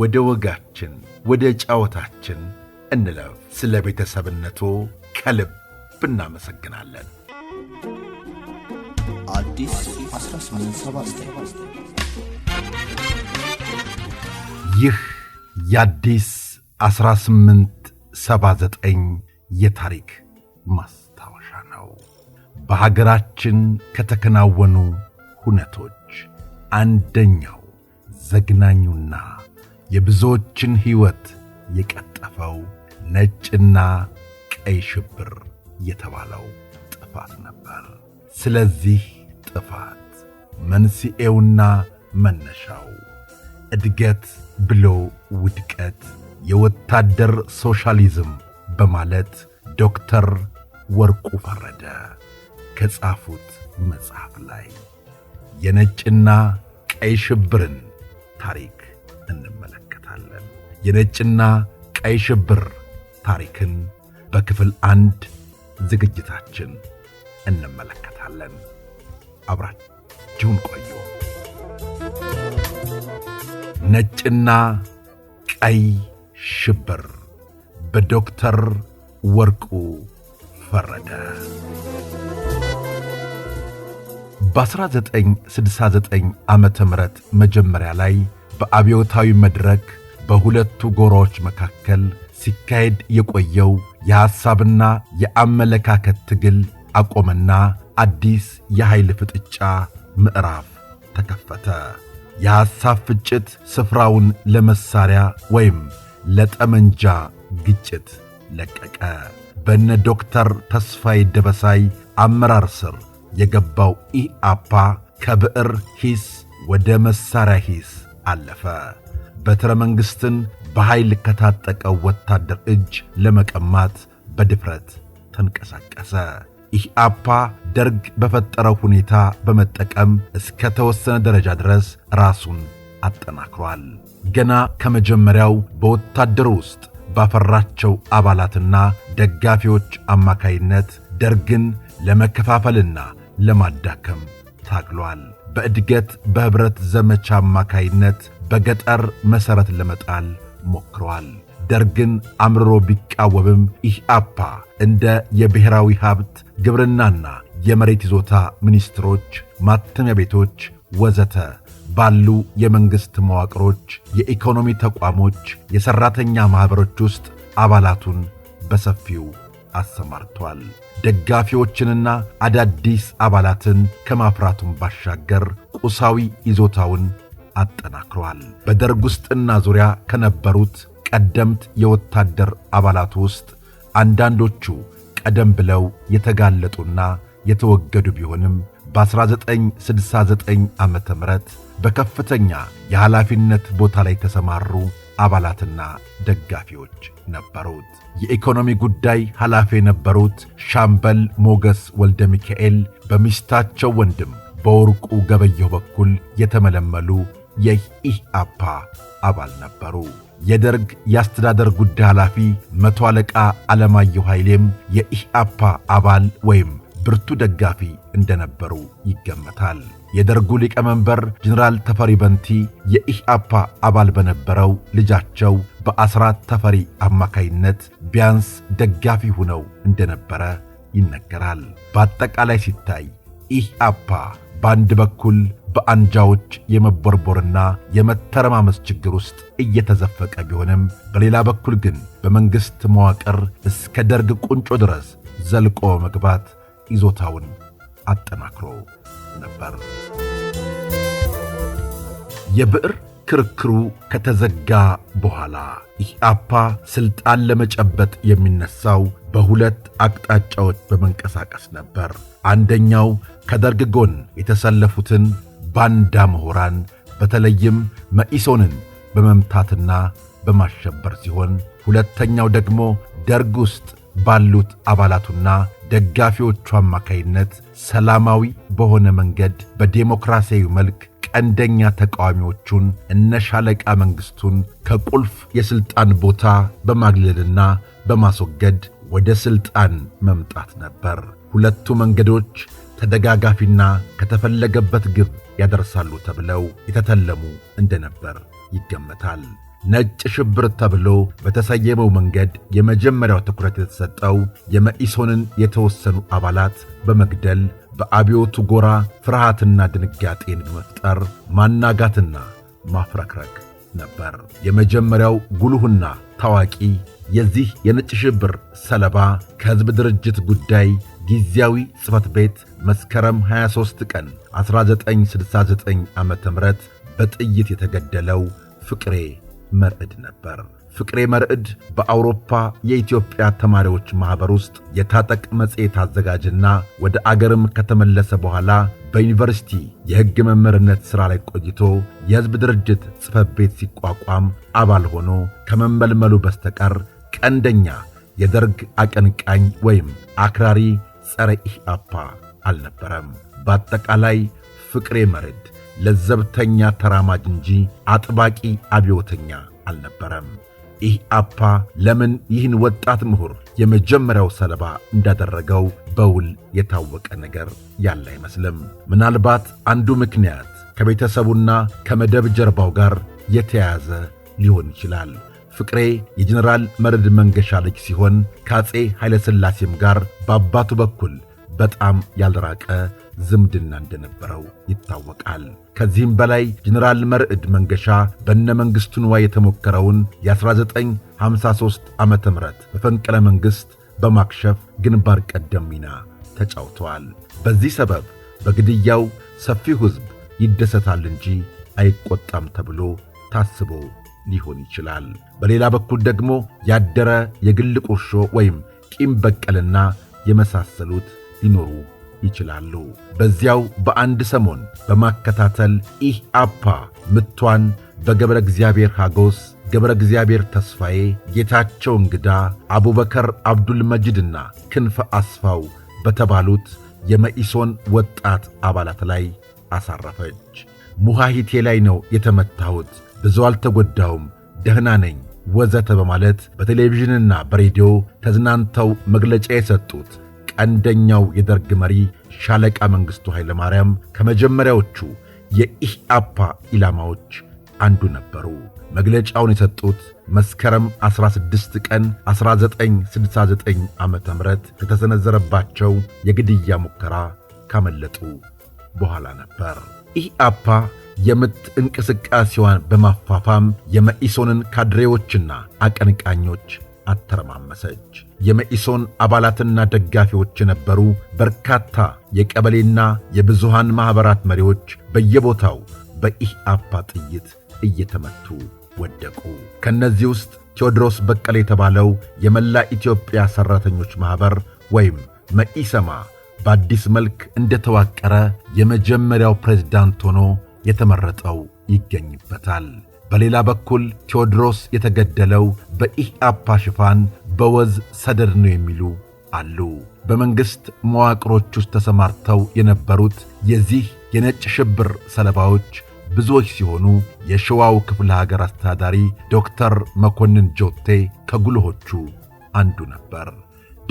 ወደ ወጋችን ወደ ጫወታችን እንለፍ። ስለ ቤተሰብነቱ ከልብ እናመሰግናለን። ይህ የአዲስ 1879 የታሪክ ማስታወሻ ነው። በሀገራችን ከተከናወኑ ሁነቶች አንደኛው ዘግናኙና የብዙዎችን ሕይወት የቀጠፈው ነጭና ቀይ ሽብር የተባለው ጥፋት ነበር። ስለዚህ ጥፋት መንስኤውና መነሻው እድገት ብሎ ውድቀት፣ የወታደር ሶሻሊዝም በማለት ዶክተር ወርቁ ፈረደ ከጻፉት መጽሐፍ ላይ የነጭና ቀይ ሽብርን ታሪክ እንመለከታለን። የነጭና ቀይ ሽብር ታሪክን በክፍል አንድ ዝግጅታችን እንመለከታለን። አብራችሁን ቆዩ። ነጭና ቀይ ሽብር በዶክተር ወርቁ ፈረደ። በ1969 ዓመተ ምህረት መጀመሪያ ላይ በአብዮታዊ መድረክ በሁለቱ ጎራዎች መካከል ሲካሄድ የቆየው የሐሳብና የአመለካከት ትግል አቆመና አዲስ የኃይል ፍጥጫ ምዕራፍ ተከፈተ። የሐሳብ ፍጭት ስፍራውን ለመሳሪያ ወይም ለጠመንጃ ግጭት ለቀቀ። በነ ዶክተር ተስፋዬ ደበሳይ አመራር ስር የገባው ኢአፓ ከብዕር ሂስ ወደ መሳሪያ ሂስ አለፈ። በትረ መንግሥትን በኃይል ከታጠቀው ወታደር እጅ ለመቀማት በድፍረት ተንቀሳቀሰ። ኢህአፓ ደርግ በፈጠረው ሁኔታ በመጠቀም እስከ ተወሰነ ደረጃ ድረስ ራሱን አጠናክሯል። ገና ከመጀመሪያው በወታደሩ ውስጥ ባፈራቸው አባላትና ደጋፊዎች አማካይነት ደርግን ለመከፋፈልና ለማዳከም ታግሏል። በእድገት በኅብረት ዘመቻ አማካይነት በገጠር መሠረት ለመጣል ሞክሯል። ደርግን አምርሮ ቢቃወምም ኢህአፓ እንደ የብሔራዊ ሀብት ግብርናና የመሬት ይዞታ ሚኒስትሮች፣ ማተሚያ ቤቶች ወዘተ ባሉ የመንግሥት መዋቅሮች፣ የኢኮኖሚ ተቋሞች፣ የሠራተኛ ማኅበሮች ውስጥ አባላቱን በሰፊው አሰማርቷል። ደጋፊዎችንና አዳዲስ አባላትን ከማፍራቱን ባሻገር ቁሳዊ ይዞታውን አጠናክሯል። በደርግ ውስጥና ዙሪያ ከነበሩት ቀደምት የወታደር አባላት ውስጥ አንዳንዶቹ ቀደም ብለው የተጋለጡና የተወገዱ ቢሆንም በ1969 ዓ ም በከፍተኛ የኃላፊነት ቦታ ላይ ተሰማሩ አባላትና ደጋፊዎች ነበሩት። የኢኮኖሚ ጉዳይ ኃላፊ የነበሩት ሻምበል ሞገስ ወልደ ሚካኤል በሚስታቸው ወንድም በወርቁ ገበየሁ በኩል የተመለመሉ የኢህአፓ አባል ነበሩ። የደርግ የአስተዳደር ጉዳይ ኃላፊ መቶ አለቃ አለማየሁ ኃይሌም የኢህአፓ አባል ወይም ብርቱ ደጋፊ እንደነበሩ ይገመታል። የደርጉ ሊቀመንበር ጀኔራል ተፈሪ በንቲ አፓ አባል በነበረው ልጃቸው በአስራት ተፈሪ አማካይነት ቢያንስ ደጋፊ ሆነው እንደነበረ ይነገራል። በአጠቃላይ ሲታይ አፓ በአንድ በኩል በአንጃዎች የመቦርቦርና የመተረማመስ ችግር ውስጥ እየተዘፈቀ ቢሆንም በሌላ በኩል ግን በመንግሥት መዋቅር እስከ ደርግ ቁንጮ ድረስ ዘልቆ መግባት ይዞታውን አጠናክሮ ነበር። የብዕር ክርክሩ ከተዘጋ በኋላ ኢህአፓ ስልጣን ለመጨበጥ የሚነሳው በሁለት አቅጣጫዎች በመንቀሳቀስ ነበር። አንደኛው ከደርግ ጎን የተሰለፉትን ባንዳ ምሁራን በተለይም መኢሶንን በመምታትና በማሸበር ሲሆን፣ ሁለተኛው ደግሞ ደርግ ውስጥ ባሉት አባላቱና ደጋፊዎቹ አማካይነት ሰላማዊ በሆነ መንገድ በዴሞክራሲያዊ መልክ ቀንደኛ ተቃዋሚዎቹን እነ ሻለቃ መንግሥቱን ከቁልፍ የሥልጣን ቦታ በማግለልና በማስወገድ ወደ ሥልጣን መምጣት ነበር። ሁለቱ መንገዶች ተደጋጋፊና ከተፈለገበት ግብ ያደርሳሉ ተብለው የተተለሙ እንደነበር ይገመታል። ነጭ ሽብር ተብሎ በተሰየመው መንገድ የመጀመሪያው ትኩረት የተሰጠው የመኢሶንን የተወሰኑ አባላት በመግደል በአብዮቱ ጎራ ፍርሃትና ድንጋጤን በመፍጠር ማናጋትና ማፍረክረክ ነበር። የመጀመሪያው ጉልህና ታዋቂ የዚህ የነጭ ሽብር ሰለባ ከሕዝብ ድርጅት ጉዳይ ጊዜያዊ ጽሕፈት ቤት መስከረም 23 ቀን 1969 ዓ ም በጥይት የተገደለው ፍቅሬ መርዕድ ነበር። ፍቅሬ መርዕድ በአውሮፓ የኢትዮጵያ ተማሪዎች ማኅበር ውስጥ የታጠቅ መጽሔት አዘጋጅና ወደ አገርም ከተመለሰ በኋላ በዩኒቨርሲቲ የሕግ መምህርነት ሥራ ላይ ቆይቶ የሕዝብ ድርጅት ጽሕፈት ቤት ሲቋቋም አባል ሆኖ ከመመልመሉ በስተቀር ቀንደኛ የደርግ አቀንቃኝ ወይም አክራሪ ጸረ ኢህአፓ አልነበረም። በአጠቃላይ ፍቅሬ መርዕድ ለዘብተኛ ተራማጅ እንጂ አጥባቂ አብዮተኛ አልነበረም። ይህ አፓ ለምን ይህን ወጣት ምሁር የመጀመሪያው ሰለባ እንዳደረገው በውል የታወቀ ነገር ያለ አይመስልም። ምናልባት አንዱ ምክንያት ከቤተሰቡና ከመደብ ጀርባው ጋር የተያያዘ ሊሆን ይችላል። ፍቅሬ የጀኔራል መርድ መንገሻ ልጅ ሲሆን ከአፄ ኃይለሥላሴም ጋር በአባቱ በኩል በጣም ያልራቀ ዝምድና እንደነበረው ይታወቃል። ከዚህም በላይ ጀነራል መርዕድ መንገሻ በነ መንግሥቱ ንዋይ የተሞከረውን የ1953 ዓ ም መፈንቅለ መንግሥት በማክሸፍ ግንባር ቀደም ሚና ተጫውተዋል። በዚህ ሰበብ በግድያው ሰፊው ሕዝብ ይደሰታል እንጂ አይቆጣም ተብሎ ታስቦ ሊሆን ይችላል። በሌላ በኩል ደግሞ ያደረ የግል ቁርሾ ወይም ቂም በቀልና የመሳሰሉት ሊኖሩ ይችላሉ። በዚያው በአንድ ሰሞን በማከታተል ኢህአፓ ምቷን በገብረ እግዚአብሔር ሐጎስ፣ ገብረ እግዚአብሔር ተስፋዬ፣ ጌታቸው እንግዳ፣ አቡበከር አብዱል መጂድና ክንፈ አስፋው በተባሉት የመኢሶን ወጣት አባላት ላይ አሳረፈች። ሙሃሂቴ ላይ ነው የተመታሁት፣ ብዙ አልተጎዳውም፣ ደህና ነኝ ወዘተ በማለት በቴሌቪዥንና በሬዲዮ ተዝናንተው መግለጫ የሰጡት ቀንደኛው የደርግ መሪ ሻለቃ መንግሥቱ ኃይለማርያም ከመጀመሪያዎቹ የኢህአፓ ኢላማዎች አንዱ ነበሩ። መግለጫውን የሰጡት መስከረም 16 ቀን 1969 ዓ ም ከተሰነዘረባቸው የግድያ ሙከራ ካመለጡ በኋላ ነበር። ኢህአፓ የምት እንቅስቃሴዋን በማፋፋም የመኢሶንን ካድሬዎችና አቀንቃኞች አተረማመሰች። የመኢሶን አባላትና ደጋፊዎች የነበሩ በርካታ የቀበሌና የብዙሃን ማኅበራት መሪዎች በየቦታው በኢህአፓ ጥይት እየተመቱ ወደቁ። ከእነዚህ ውስጥ ቴዎድሮስ በቀለ የተባለው የመላ ኢትዮጵያ ሠራተኞች ማኅበር ወይም መኢሰማ በአዲስ መልክ እንደተዋቀረ የመጀመሪያው ፕሬዝዳንት ሆኖ የተመረጠው ይገኝበታል። በሌላ በኩል ቴዎድሮስ የተገደለው በኢህአፓ ሽፋን በወዝ ሰደድ ነው የሚሉ አሉ። በመንግሥት መዋቅሮች ውስጥ ተሰማርተው የነበሩት የዚህ የነጭ ሽብር ሰለባዎች ብዙዎች ሲሆኑ የሸዋው ክፍለ ሀገር አስተዳዳሪ ዶክተር መኮንን ጆቴ ከጉልሆቹ አንዱ ነበር።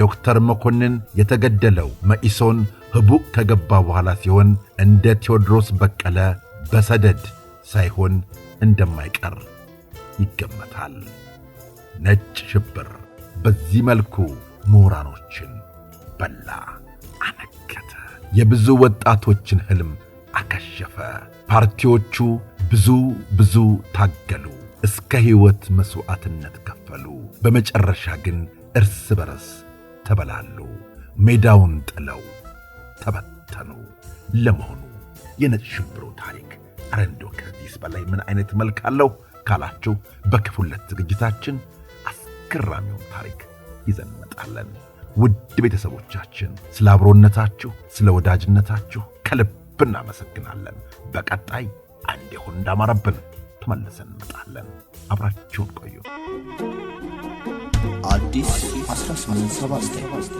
ዶክተር መኮንን የተገደለው መኢሶን ህቡዕ ከገባ በኋላ ሲሆን እንደ ቴዎድሮስ በቀለ በሰደድ ሳይሆን እንደማይቀር ይገመታል። ነጭ ሽብር በዚህ መልኩ ምሁራኖችን በላ፣ አነከተ፣ የብዙ ወጣቶችን ህልም አከሸፈ። ፓርቲዎቹ ብዙ ብዙ ታገሉ፣ እስከ ሕይወት መሥዋዕትነት ከፈሉ። በመጨረሻ ግን እርስ በርስ ተበላሉ፣ ሜዳውን ጥለው ተበተኑ። ለመሆኑ የነጭ ሽብሩ ታሪክ ኧረ እንደው ከዚህ በላይ ምን አይነት መልክ አለው ካላችሁ በክፍለት ዝግጅታችን አስገራሚውን ታሪክ ይዘን እንመጣለን። ውድ ቤተሰቦቻችን ስለ አብሮነታችሁ፣ ስለ ወዳጅነታችሁ ከልብ እናመሰግናለን። በቀጣይ አንድ ይሁን እንዳማረብን ተመልሰን እንመጣለን። አብራችሁን ቆዩ። አዲስ 1879